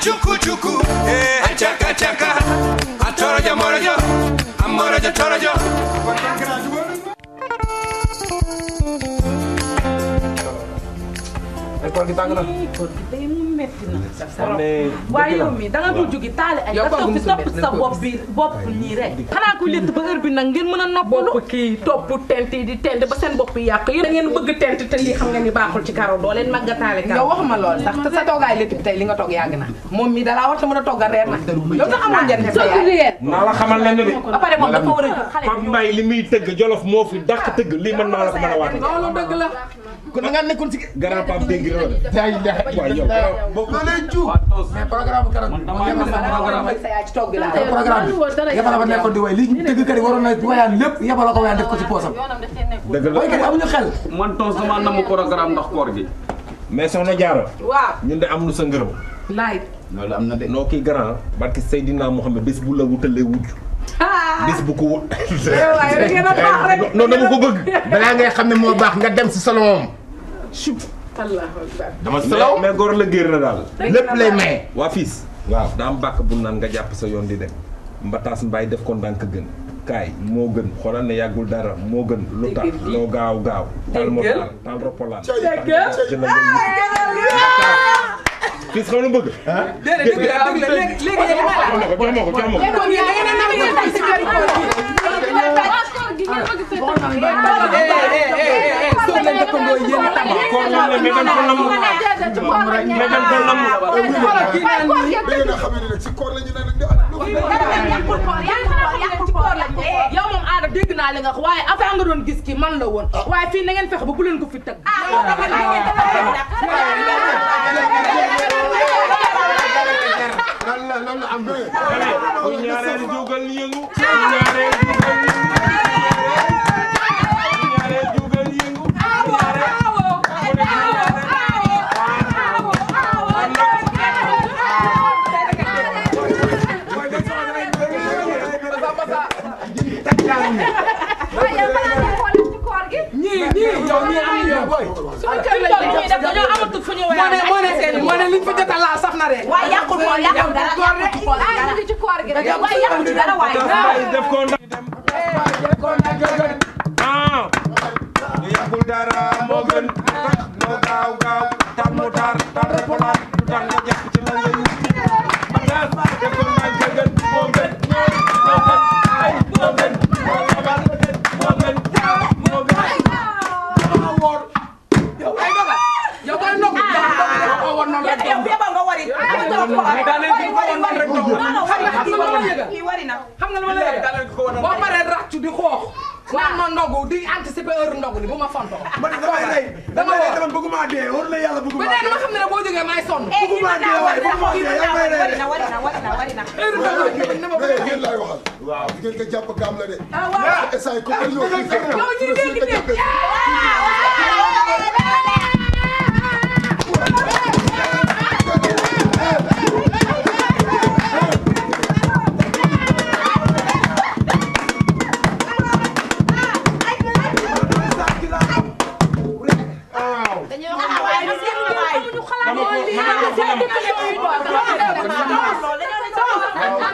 chuku chuku eh chaka chaka atorojo morojo amorojo torojo koor gi tàng na. koor gi day mu metti na. waaye yow mi da nga dul jógi taali ay. yow sa bopp bi bopp ñii rek. xanaa ku létt ba heure bi nag mën a noppalu. bopp kii topp tent yi di tent ba seen bopp yi yàq bëgg tent te lii nga ni baaxul ci karo doo leen mag nga taale karo. yow waxuma lool sax te sa toogaay létt bi tey li nga toog yàgg na moom mi dalaa war te mën a toggal reer na. yow sax amoon njëriñ sa yaay. la xamal lenn bi. ba pare moom dafa war a xale. Pape Mbaye li muy moo fi dàq la ko mën a la kon da ngaa nekkoon si. grand Pape dégg na la. jaay jaay waaw yow. loolu lay ju. mais programme bi kanam. programme bi yabala ba nekkoon di way li tëggkat yi waroon na wayaan lépp yabala ko wayaan def ko si poosam. dëgg la baykat yi amuñu xel. man tos dama namm programme ndax koor gi. mais soxna Diarra. waaw ñun de am nu sa ngërëm. laay. loolu am na de noo kii grand. barke Seydina Mohamed bés bu la wutalee wujj. bis bu ko wut. Eh, waaye da ngeen a baax rek. Eh, non dama ko bëgg. balaa ngay xam ne moo baax nga dem si salon chou. allahu akbar. dama salaw mais la géer na daal. lépp lay maye. waa fiis waaw daa am bu naan nga jàpp sa yoon di dem. mbataas mbaay def ko ndànk gën. kaay moo gën xoolal ne yàggul dara moo gën. lu tax loo gaaw gaaw. tal moo taal tal roppalaan. fii xam lu bëgg. yow moom aada dégg naa li nga wax waaye avant nga doon gis ki man la woon waaye fii na ngeen fexe ba bu leen ko fi tëgg lan la lan la am ne liñ fa jot a laal saf na rek. waaye yàqul ko yàqul dara yàqul ko dara yàqul ci koor gi rek waaye yàqul ci dara waaye. def ko ndax def ah. ko ndax gën. waaw. yàqul dara moo gën. moo gaaw gaaw tam mu tar tam mu polaar. xam nga lu ma la leen boo paree ràccu di xoox. naan ma ndogu di anticiper heure ndogu li bu ma fontoo. man damay rey dama rey dama bëgguma dee war na yàlla bëgguma dee. ba ma xam ne boo jógee maay sonn. Eh, bëgguma dee waaye bëgguma dee yaa may rey de. wari na wari na wari na heure ndogu ma bëgg ngeen laay waxal. waaw ngeen ko jàpp gaam la de. ah waaw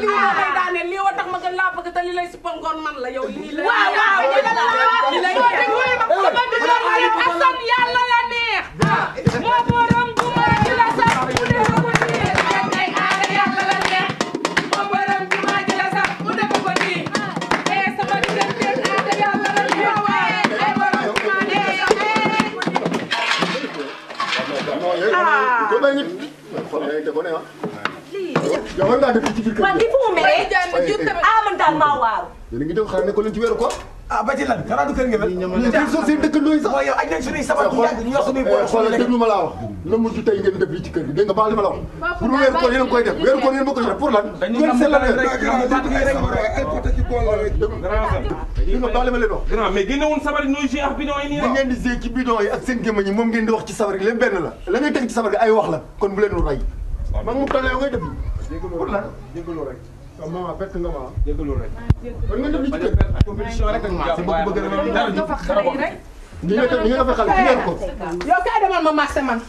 li ma la koy daaneel lii wa tax ma gën laa bëgg te li lay sippal ngoon man la yow lii lay. waaw waaw lii lay yow man maa dëkk ci biir kër gi. man di fu mu meree. ah man daal maa waaru. yéen a ngi dégg xanaa ne ko leen ci weeru ko. ah ba ci lan xanaa du kër ngeen. ñu jaaxal soo seen dëkkandoo yi sax. mooy yow aj nañ suñuy sabar ñu yàgg ñu yor suñuy eh, boole. xoolal déglu ma laa wax. na mujj tey ngeen def lii ci kër gi dégg nga baal li ma la wax. pour weeru koor yéen a koy def weeru koor yéen a koy def pour lan. ngeen seet la ne. dégg nga baal li ma leen wax. grand mais génne woon sabar yi ñooy géex bidon yi nii rek. ngeen di géex ci bidon yi ak seen gémmañ yi moom ngeen di wax ci sabar yi leen benn la la ngay teg ci sabar gi ay wax la kon bu leen ray man mu toll yow nga ma jégalu rek. Ah, kon nga def li ci kër. compétition rek ak ma kay demal ma marché man.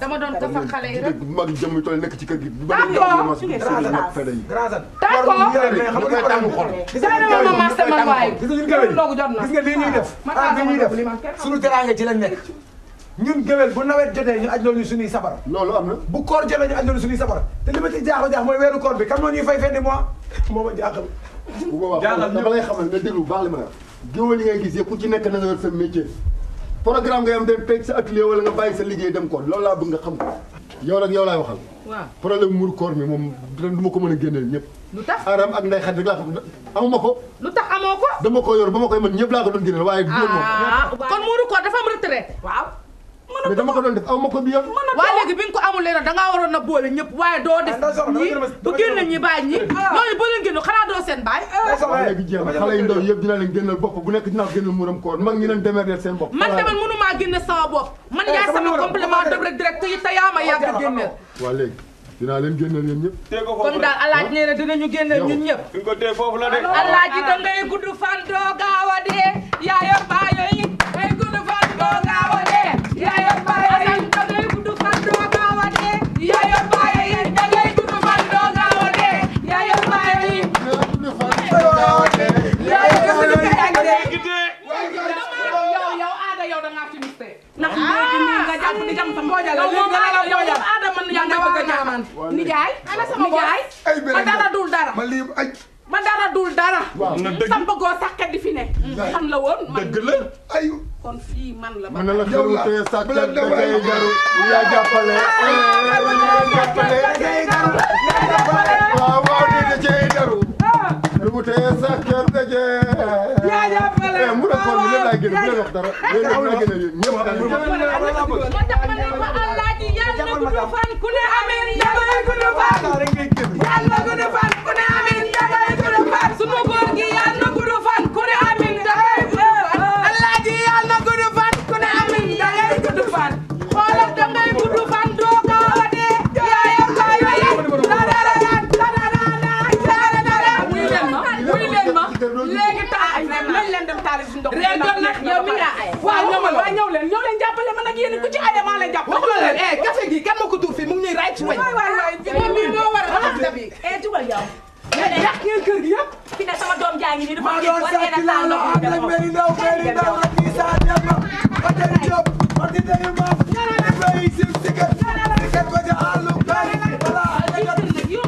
dama doon dafa xale yi rek bu mag jëm toll nekk ci kër gi. d'accord su ngeen saa saa fële yi. d'accord ñu koy tàngu xol. gis nga lii ñuy def ah li ñuy def ci lañ ñun géwél bu nawet jotee ñu ajloon ñu suñuy sabara loolu am na bu koor jotee ñu ajloon suñuy sabara te li ma ci jaaxal jaax mooy weeru koor bi kam noo ñuy fay fenn sa métier programme nga yam dem teg sa atelier wala nga bàyyi sa liggéey dem koor loolu laa bëgg nga ko yow nag yow laay moom ma ko mën a génneel ñëpp lu tax aram ak nday xat lu tax amoo ko ko yor ba ma koy mën ñëpp laa ko ah, kon muuru koor dafa am retraite waaw mais dama ko doon def aw ma ko bi yoon. waa léegi bi nga ko amul léegi nag waroon a boole ñëpp waaye doo def ñii ah, bu génn ñi bàyyi ñi ah. ñooñu ba leen génn ah. bopp bu nekk dinaa leen démerder bopp. man tamit mënu maa génne bopp man eh, yaa sama complément de direct yi te yaa ma génneel. waa léegi dinaa leen génneel yéen ñëpp. tey la kon daal alaaji nee na dinañu génneel ñun ñëpp. fi nga ko da ngay gudd fan doo gaaw a dee yaa yor booja la léegi dana la booja la Adama nu yàlla bëgg a jaamaan nijaay ana sama nijaay ma dara dul dara ma lii ay ma dara dul dara sam bëggoo sàkket di fi ne xam la woon man dëgg la ay kon fii man la ba la xew te sàkket da ngay garu yaa jàppale yaa jàppale da ngay garu waaw waaw ni da cey garu lu mu tee sàkket da cey yaa jàppale mu ne kon lépp laa gën a wax dara lépp laa gën a ñëpp bi eh dugal yow. yàq ngeen kër gi yëpp. fi ne sama doom jaa ngi nii dafa njëkk war ngeen a taal loxo bi demoo maa doon ndaw meli ndaw kii saa dem ma. ba tey jóg ba tey dayu ma. ñu béy si sikkër sikkër ba ca àllu kër wala àll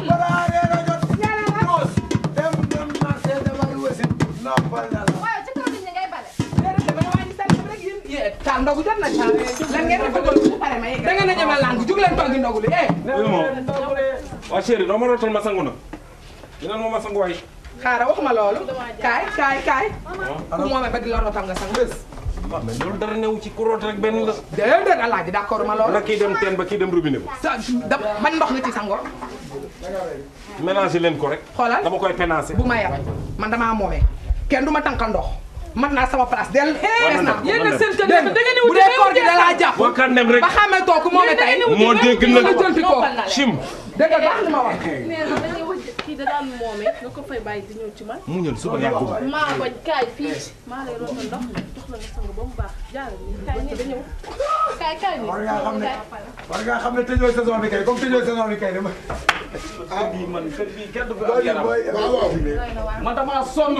wala reer a jot. noos dem dem marché defar wasi noppal na la. taal ndogu jot na taal lan ngeen def ba pare ma yegg. da ngeen a ñemal langu jug leen toggi ndogu li eh. waa chérie doo ma rootal ma sangu nag dinañ ma ma sangu waay. xaaral waxuma loolu. kaay kaay kaay. ku moome ba di la rootal nga sangu bés. waaw mais dara newu ci ku root rek benn la. déedéet alaaji d'accord ma loolu. nag kii dem teen ba kii dem robinet ba. sa ban ndox nga ci sangoo. mélanger leen ko rek. xoolal dama koy pénancé. bu ma yab man damaa moome kenn du ma tànqal ndox. man naa sama place del fees na yéen seen tënk da ngeen di wut bu dee koor gi da laa jàpp ba xamee too ku moom la tey moo dégg na ko jëlti ko sim dëgg baax li ma wax kii da daan moome nga ko fay bàyyi di ñëw ci man mu ñëw suba yaa ko maa ko kaay fii maa lay roon ndox jox la nga sang ba mu baax jaar ni kaay ni da ñëw kaay kaay ni war ngaa xam ne war ngaa xam ne tëjoo saison bi kay comme tëjoo saison bi kay dama ah bii man kër bii kenn du fi am yaram waaw waaw man damaa sonn.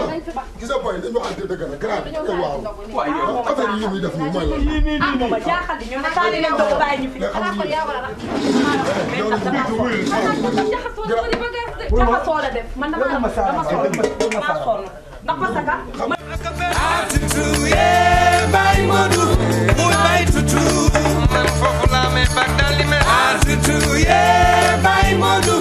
gis nga booy dañoo ànd dëgg la grave waaw. waaye yow affaire yi muy def nii mooy la. ah booba jaaxal ñu ne taal leen doog a bàyyi ñu fi. xanaa kon yaa war a jaxasoo la def man damaa dama sonn damaa sonn ndax parce que. atutu yee Baye Modou muy Baye tutu man foofu laa may bàgg daal li may atutu yee Baye Modou